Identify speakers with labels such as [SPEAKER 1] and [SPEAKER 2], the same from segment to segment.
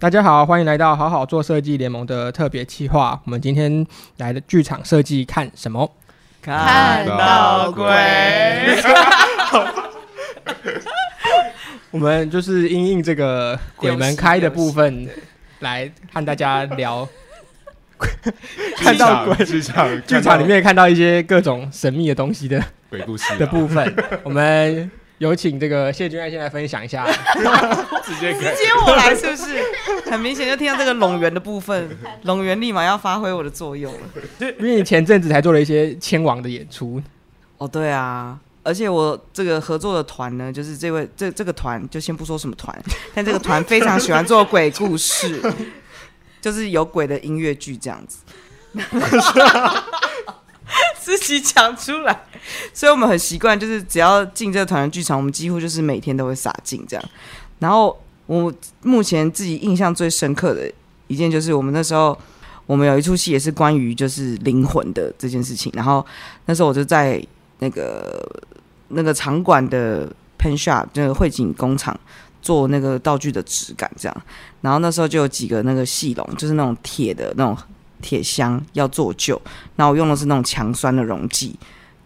[SPEAKER 1] 大家好，歡迎來到好好做設計聯盟的特別企劃。我們今天來的劇場設計看什麼？看到鬼。我們就是因應這個鬼門開的部分，來和大家聊。看到鬼劇場，劇場裡面看到一些各種神秘的東西的鬼故事、啊、的部分， 我們。有請這個謝君愛先來分享一下，啊， 直
[SPEAKER 2] 接直接我來是不是？很明顯就聽到這個龍源的部分，龍源立馬要發揮我的作用了
[SPEAKER 1] 因為前陣子才做了一些千王的演出。 哦，對啊，
[SPEAKER 2] 而且我這個合作的團呢，就是這位這這個團就先不說什麼團，但這個團非常喜歡做鬼故事，就是有鬼的音樂劇這樣子。
[SPEAKER 1] 自己講
[SPEAKER 2] 出來，所以我們很習慣，就是只要進這個團的劇場，我們幾乎就是每天都會灑淨這樣。然後我目前自己印象最深刻的一件，就是我們那時候我們有一出戲也是關於就是靈魂的這件事情。然後那時候我就在那個那個場館的噴砂，就是匯景工廠做那個道具的質感這樣。然後那時候就有幾個那個戲籠，就是那種鐵的那種。鐵箱要做舊，那我用的是那種強酸的溶劑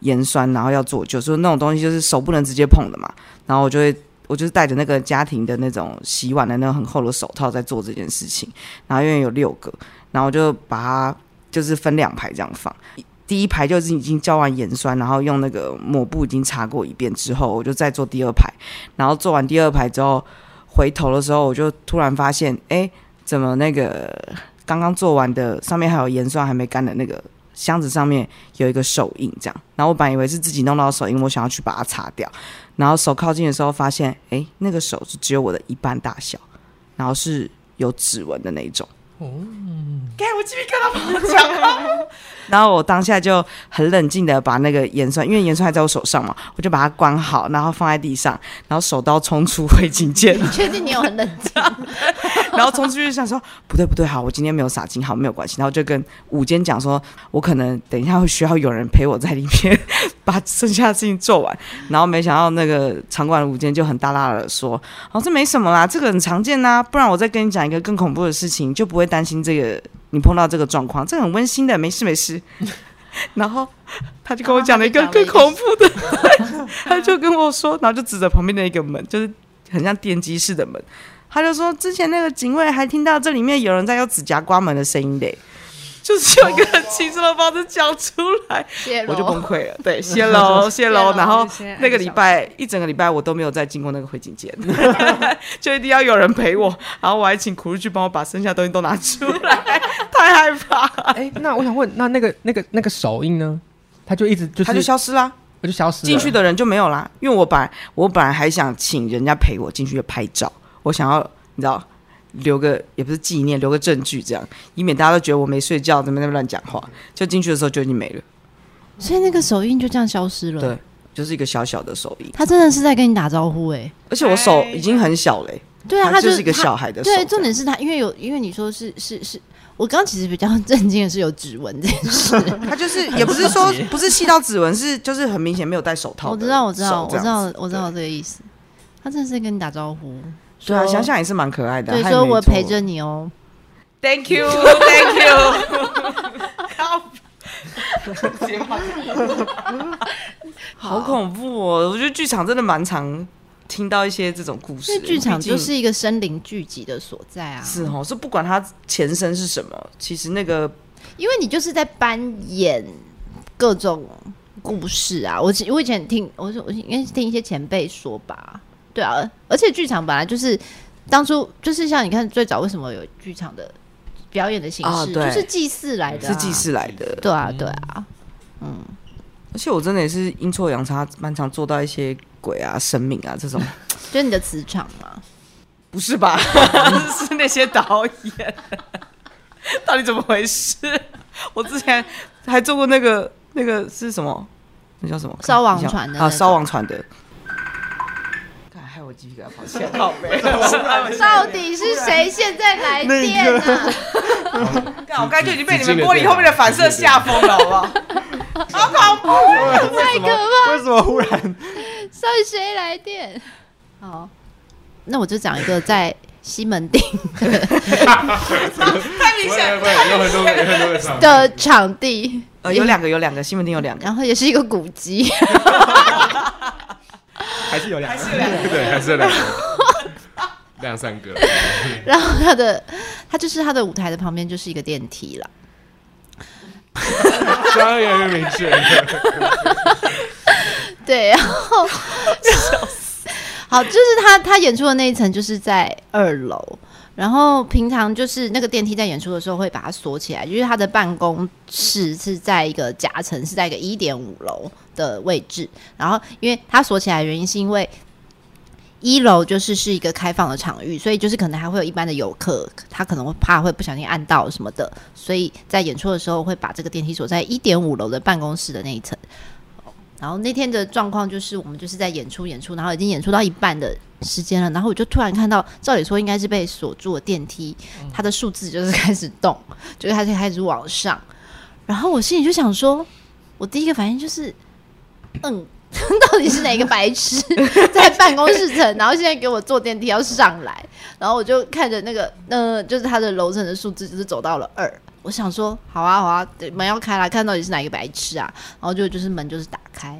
[SPEAKER 2] 鹽酸，然後要做舊，所以那種東西就是手不能直接碰的嘛，然後我就會，我就是戴着那個家庭的那種洗碗的那種很厚的手套在做這件事情，然後因為有六個，然後我就把它就是分兩排這樣放，第一排就是已經澆完鹽酸，然後用那個抹布已經擦過一遍之後，我就再做第二排，然後做完第二排之後，回頭的時候我就突然發現，哎，怎麼那個？剛剛做完的，上面還有顏色還沒乾的那個箱子上面有一個手印，這樣。然後我本以為是自己弄到的手印，我想要去把它擦掉，然後手靠近的時候發現，哎，那個手是只有我的一半大小，然後是有指紋的那一種。哦，該我繼續跟他講了。然後我當下就很冷靜的把那個鹽酸，因為鹽酸還在我手上嘛，我就把它關好，然後放在地上，然後手刀衝出會精間。 你確定
[SPEAKER 3] 你有很冷靜？ 然後衝
[SPEAKER 2] 出去想說 不對不對，好，我今天沒有撒金，好沒有關係。然後就跟舞監講說，我可能等一下會需要有人陪我在裡面 把剩下的事情做完。然後沒想到那個場館的舞監就很大大的說，哦，這沒什麼啦，這個很常見吶，不然我再跟你講一個更恐怖的事情，就不會。擔心這個，你碰到這個狀況，這很溫馨的，沒事沒事。 然後他就跟我講了一個更恐怖的，啊、他，沒沒他就跟我說，然後就指着旁邊的一個門，就是很像電梯式的門，他就說，之前那個警衛還聽到這裡面有人在用指甲刮門的聲音的。就是用一個很輕鬆的方式講出來，哦哦、我就崩潰了。嗯、對，謝龍，謝龍，然後那個禮拜了一,一整個禮拜我都沒有再經過那個匯景街，嗯、
[SPEAKER 1] 就一定要有人陪我。然後我還請苦力去幫我把剩下的東西都拿出來， 太害怕了。哎、欸，那我想問，那那個那個那個手印呢？它就一直、就是，它就消，啦就消失了，我就消失了。進去的
[SPEAKER 2] 人就沒有啦，因為我本來我本來還想請人家陪我進去拍照，我想要你知道。留個也不是紀念，留個證據這樣，以免大家都覺得我沒睡覺，在那邊亂講話。就進去的時候就已經沒了，
[SPEAKER 3] 所以那個手印就這樣消失了。
[SPEAKER 2] 對，就是一個小小的手印。他
[SPEAKER 3] 真的是在跟你打招呼。哎、欸，而且我手
[SPEAKER 2] 已經很小嘞、欸。對啊、哎呀，他就是一個小孩的手。對，
[SPEAKER 3] 重點是他因為有，因為你說是是是，我剛剛其實比較震驚的是有指紋這件事。他 就是也不是說不是細到指紋， 是就是很明顯沒有戴手套手。我知道，我知道，我知道，我知道這個意思。他對真的是在跟你打招呼。對啊，so, 想想也是蠻可愛的。所以說我陪着你哦，Thank you，thank you。
[SPEAKER 2] 好恐怖哦！好我覺得劇場真的蠻常聽到一些這種
[SPEAKER 3] 故事。劇場就是一個生靈聚集的所在啊。是哦，所以不管它前身是什麼，其實那個，因為你就是在扮演各種故事啊。我我以前聽，我我應該是聽一些前輩說吧。對啊，而且劇場本來就是當初就是像你看最早為什麼有劇場的表演的形式，啊、對就是祭祀來的。啊，是祭祀來的。對啊，對啊，嗯。而
[SPEAKER 2] 且我真的也是陰錯陽差，蠻常做到一些鬼啊、神明啊這種。 就
[SPEAKER 3] 是你的磁場嗎？不是吧？是那些導演？
[SPEAKER 2] 到底怎麼回事？我之前還做過那個那個是什麼？那叫什麼？燒王船的啊，燒王船的。
[SPEAKER 3] 到底是誰現在來電呢？我感覺已經被你們玻璃後面的反射嚇瘋了，好不好？好恐怖，太可怕！為什麼忽然？算誰來電？好，那我就講一個在西門町，太明
[SPEAKER 2] 顯有很多、有很多的
[SPEAKER 3] 場地，有兩
[SPEAKER 2] 個，有兩個西門町有兩
[SPEAKER 3] 個，然後也是一個古蹟。還是有兩個，對，還是兩兩後三個。 然後他的，他就是他的舞台的旁邊就是一個電梯了。對，然後，笑死。好，就是他他演出的那一層就是在二樓，然後平常就是那個電梯在演出的時候會把它鎖起來，就是他的辦公室是在一個夾層，是在一個一點五樓的位置。然後，因為他鎖起來原因是因為一樓就是是一個開放的場域，所以就是可能還會有一般的遊客，他可能會怕會不小心按到什麼的，所以在演出的時候會把這個電梯鎖在一點五樓的辦公室的那一層。然後那天的狀況就是，我們就是在演出演出，然後已經演出到一半的時間了，然後我就突然看到，照理說應該是被鎖住的電梯，它的數字就是開始動，就是它就開始往上，然後我心裡就想說，我第一個反應就是，嗯。 到底是哪個白痴 在辦公室層？然後現在給我坐電梯要上來，然後我就看着那個，嗯、呃，就是它的樓層的數字，就是走到了二。我想說，好啊好啊，對，門要開了，看到底是哪個白痴啊？然後就就是門就是打開，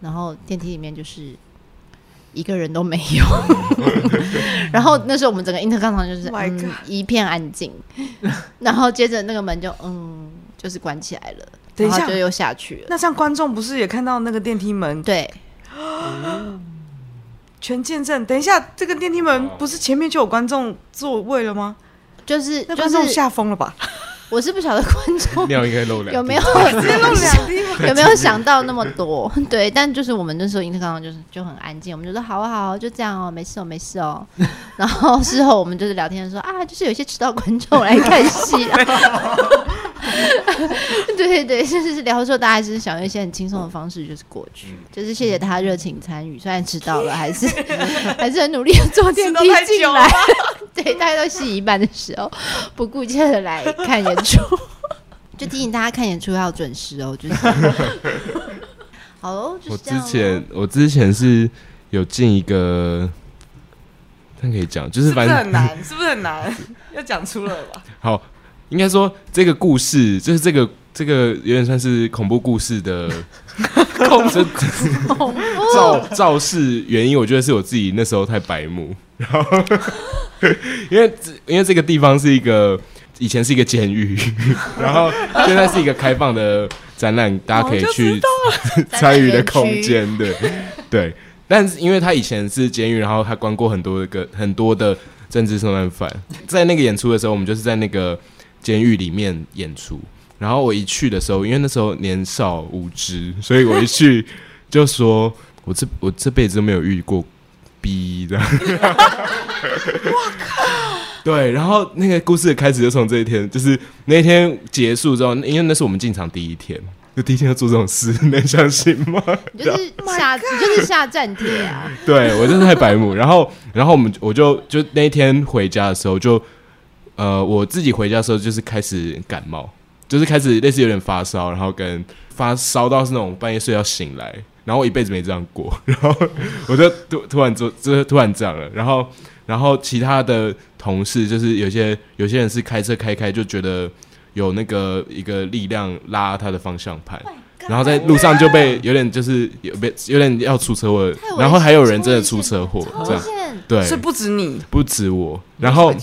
[SPEAKER 3] 然後電梯裡面就是一個人都沒有。 然後那時候我們整個 intercom 就是、嗯 Oh my God，一片安靜，然後接着那個門就嗯，就是關起來了。等一下，就又下去了。去了那
[SPEAKER 2] 像觀眾不是也看到那個電梯門？對，全見證。等一下，這個電梯門不是前面就有觀眾座位了嗎？就是，就是，那觀眾嚇瘋了吧？
[SPEAKER 3] 我是不曉得觀眾
[SPEAKER 4] 弄兩天有沒有，有沒有想
[SPEAKER 3] 到那麼多？ 對，但就是我們那時候英特剛剛就是就很安靜，我們就說好好，好，就這樣哦，沒事哦，沒事哦。 然後事後我們就是聊天說啊，就是有些遲到觀眾來看戲啊。 對，對對，甚、就是聊的時候，大家還是想用一些很輕鬆的方式，就是過去，嗯、就是謝謝他熱情參與，嗯、雖然遲到了，還是 還是很努力坐電梯進來。 對，大家都戲一半的時候，不顧一切的來看演出， 就提醒大家看演出要準時哦。就是， 好嘍，就
[SPEAKER 4] 是、我之前我之前是有進一個，但可以講，就是反正是不
[SPEAKER 2] 是很難， 是不是很難，要講出了吧？
[SPEAKER 4] 好。應該說，這個故事就是這個這個有點算是恐怖故事的， 恐怖，肇肇事原因，我覺得是我自己那時候太白目，然後 因為因為這個地方是一個以前是一個監獄， 然後現在是一個開放的展覽， 大家可以去參與 的空間， 對對，但是因為他以前是監獄，然後他關過很多的個很多的政治受難犯，在那個演出的時候，我們就是在那個。監獄裡面演出，然後我一去的時候，因為那時候年少無知，所以我一去就說：“ 我這我這輩子都沒有遇過逼這樣。”我靠！對，然後那個故事的開始就從這一天，就是那一天結束之後，因為那是我們進場第一天，就第一天要做這種事，你能相信嗎？你
[SPEAKER 3] 就是下、啊， 你就是下戰帖啊！
[SPEAKER 4] 對，我就是太白目。然後，然後我們我就就那一天回家的時候就。呃，我自己回家的時候就是開始感冒，就是開始類似有點發燒，然後跟發燒到是那種半夜睡覺醒來，然後我一輩子沒這樣過，然後我就突突然就就突然這樣了，然後然後其他的同事就是有些有些人是開車開開就覺得有那個一個力量拉他的方向盤，然後在路上就被有點就是有被有點要出車禍，然後還有人真的出車禍這樣，對，是不止你，不止我，然後。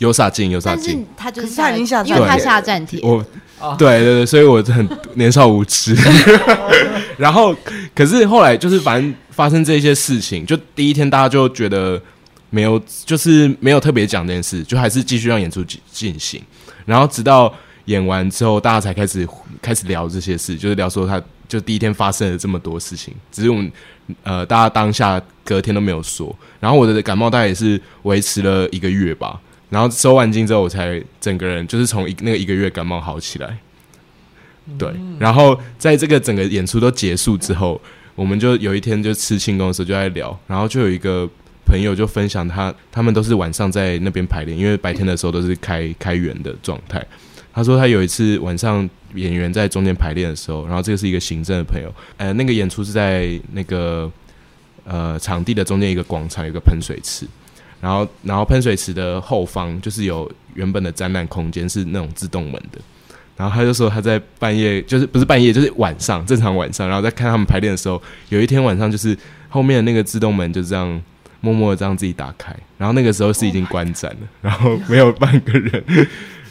[SPEAKER 4] 有啥勁？有啥勁？
[SPEAKER 3] 就是他就是他因為他下戰帖。我，oh、對
[SPEAKER 4] 對對，所以我很年少無知。 然後，可是後來就是，反正發生這些事情，就第一天大家就覺得沒有，就是沒有特別講這件事，就還是繼續讓演出進進行。然後直到演完之後，大家才開始開始聊這些事，就是聊說他就第一天發生了這麼多事情，只是我們呃，大家當下隔天都沒有說。然後我的感冒，大概也是維持了一個月吧。然後收完景之後，我才整個人就是從一那個一個月感冒好起來。對，然後在這個整個演出都結束之後，我們就有一天就吃慶功的時候就在聊，然後就有一個朋友就分享他，他們都是晚上在那邊排練，因為白天的時候都是開開園的狀態。他說他有一次晚上演員在中間排練的時候，然後這個是一個行政的朋友，呃，那個演出是在那個呃場地的中間一個廣場，有一個噴水池。然後，然後噴水池的後方就是有原本的展覽空間，是那種自動門的。然後他就說他在半夜，就是不是半夜，就是晚上，正常晚上。然後在看他們排練的時候，有一天晚上，就是後面的那個自動門就這樣默默的這樣自己打開。然後那個時候是已經關展了，然後沒有半個人，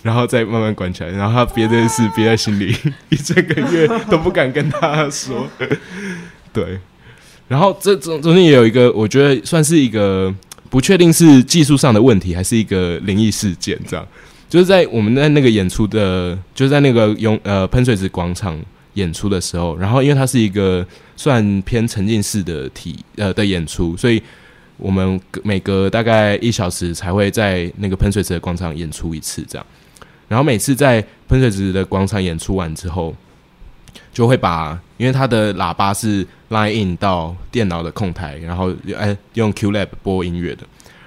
[SPEAKER 4] 然後再慢慢關起來。然後他憋這事憋在心裡一整個月都不敢跟他說。對，然後這中中間也有一個，我覺得算是一個。不確定是技術上的問題，還是一個靈異事件，這樣，就是在我們在那個演出的，就是在那個永呃噴水池廣場演出的時候，然後因為它是一個算偏沉浸式的體呃的演出，所以我們每隔大概一小時才會在那個噴水池的廣場演出一次這樣。然後每次在噴水池的廣場演出完之後，就會把因為它的喇叭是。Line in 到電腦的控台，然後用哎用 QLab 播音樂的，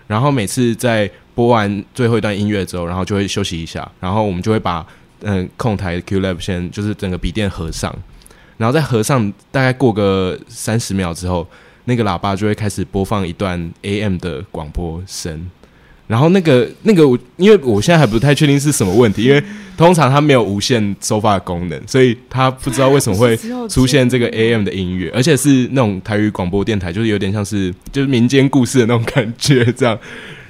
[SPEAKER 4] 然後每次在播完最後一段音樂之後，然後就會休息一下，然後我們就會把嗯控台的 QLab 先就是整個筆電合上，然後再合上大概過個三十秒之後，那個喇叭就會開始播放一段 AM 的廣播聲。然後那個那個我，因為我現在還不太確定是什麼問題，因為通常它沒有無線收發的功能，所以它不知道為什麼會出現這個 AM 的音樂，而且是那種台語廣播電台，就是有點像是就是民間故事的那種感覺這樣，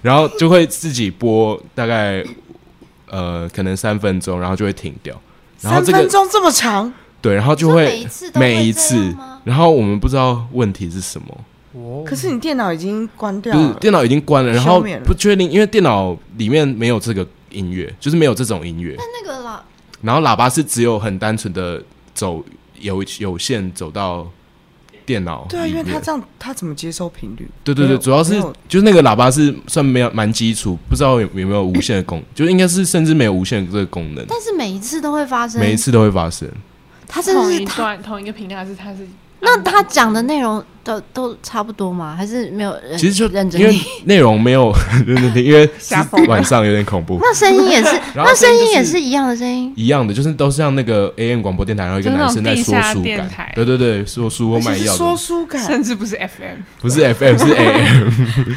[SPEAKER 4] 然後就會自己播大概呃可能三分鐘，然後就會停掉。然後這個、三分鐘這麼長？對，然後就會，就每一次都會這樣嗎？每一次，然後我們不知道問題是什麼。可
[SPEAKER 2] 是你電腦已經關掉了，電腦已經關了，
[SPEAKER 4] 然後不確定，因為電腦裡面沒有這個音樂，就是沒有這種音樂。那那個喇，然後喇叭是只有很單純的走有有線走到電腦。對啊，因為他這
[SPEAKER 2] 樣，他怎麼接收頻率？對對對，沒有主要是沒
[SPEAKER 4] 有就是那個喇叭是算沒有蠻基礎，不知道有沒有無線的功能， 就應該是甚至沒有無線這個功能。但
[SPEAKER 3] 是每一次都會發生，每一次
[SPEAKER 4] 都會發生。
[SPEAKER 1] 它是
[SPEAKER 3] 同一段同一個頻率，還是它是？那他講的內容都都差不多嗎？還是沒有？其實就認真，因為
[SPEAKER 4] 內容沒有認真聽，因為晚上有點恐怖。那
[SPEAKER 3] 聲音也是，那聲音也是一樣的聲
[SPEAKER 4] 音，一樣的，就是都是像那個 AM 廣播電台，然後一個男生在說書感。對對對，說書或賣藥的說
[SPEAKER 3] 書感，甚至不是 FM，
[SPEAKER 4] 不是 FM，是 AM，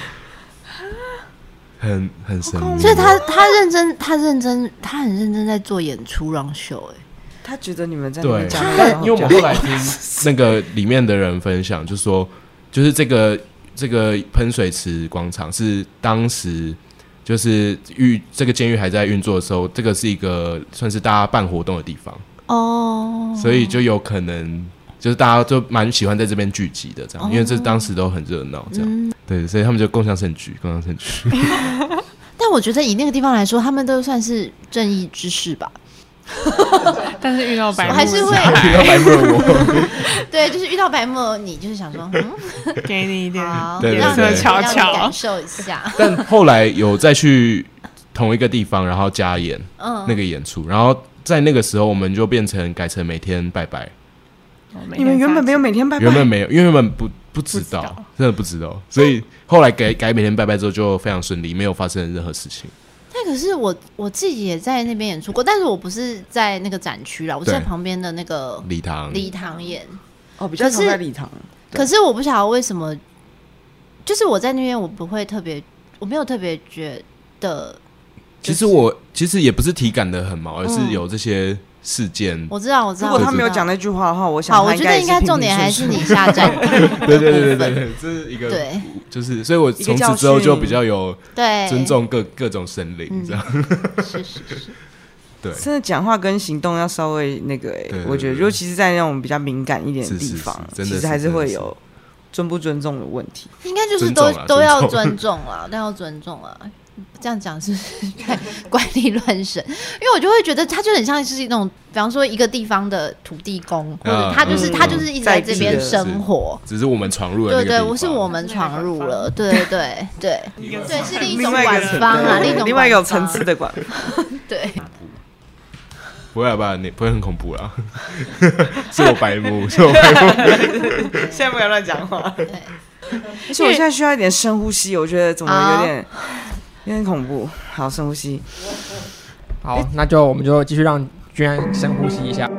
[SPEAKER 4] 很很神秘。所以，他
[SPEAKER 3] 他認真，他認真，他很認真在做演出讓秀欸。他覺得你們在講對，因為我們後來
[SPEAKER 4] 聽那個裡面的人分享，就是說，就是這個這個噴水池廣場是當時就是獄這個監獄還在運作的時候，這個是一個算是大家辦活動的地方
[SPEAKER 3] 哦，所以就
[SPEAKER 4] 有可能就是大家就蠻喜歡在這邊聚集的這樣，因為這當時都很熱鬧這樣，哦嗯、對，所以他們就共享社局，共享社局。
[SPEAKER 3] 但我覺得以那個地方來說，他們都算是正義之士吧。但是遇到白，我還是會白。對，就是遇到白幕，你就是想說，給你一點，對，瞧瞧，讓你感受一下。但
[SPEAKER 4] 後來有再去同一個地方，然後加演，那個演出，然後在那個時候，我們就變成改成每天拜拜。
[SPEAKER 3] 你們原本沒有每天拜拜？原本沒
[SPEAKER 4] 有，因為原本不不知道，真的不知道。所以後來改改每天拜拜之後，就非常順利，沒有發生任何事情。
[SPEAKER 3] 那可是我我自己也在那邊演出過，但是我不是在那個展區啦，對我是在旁邊的那個禮堂禮堂演。哦，比較常在禮堂。可是，對可是我不曉得為什麼，就是我在那邊，我不會特別，我沒有特別覺得。就是、
[SPEAKER 4] 其實我其實也不是體感的很毛，而、嗯、是有這些。事件我
[SPEAKER 3] 知道，我知道。如果他沒有
[SPEAKER 2] 講那句話的話，我想，好，我覺得應該重
[SPEAKER 4] 點還是你下戰。對對對對對，這是一個，對，就是，所以我從此之後就比較有對尊重各各種神靈這樣。
[SPEAKER 2] 是是是，對。真的講話跟行動要稍微那個欸，我覺得，尤其是在那種比較敏感一點的地方，其實還是會有尊不尊重的問題。應該就是都都要尊
[SPEAKER 3] 重了，都要尊重了。這樣講是不是在怪力亂神？因為我就會覺得，他就很像是一種，比方說一個地方的土地公，或者他就是他就是一直在這邊生活，只是
[SPEAKER 4] 我們闖入了，對對，不
[SPEAKER 3] 是我們闖入了，對對對對是另一種管方啊，另一種另外一個層次的管。對，
[SPEAKER 4] 不會吧？你不會很恐怖啊？是我白目，是我白目，
[SPEAKER 2] 現在不要亂講話。而且我現在需要一點深呼吸，我覺
[SPEAKER 1] 得怎麼有點。有點恐怖。好，深呼吸。嗯嗯、好，那就我們就繼續讓娟深呼吸一下。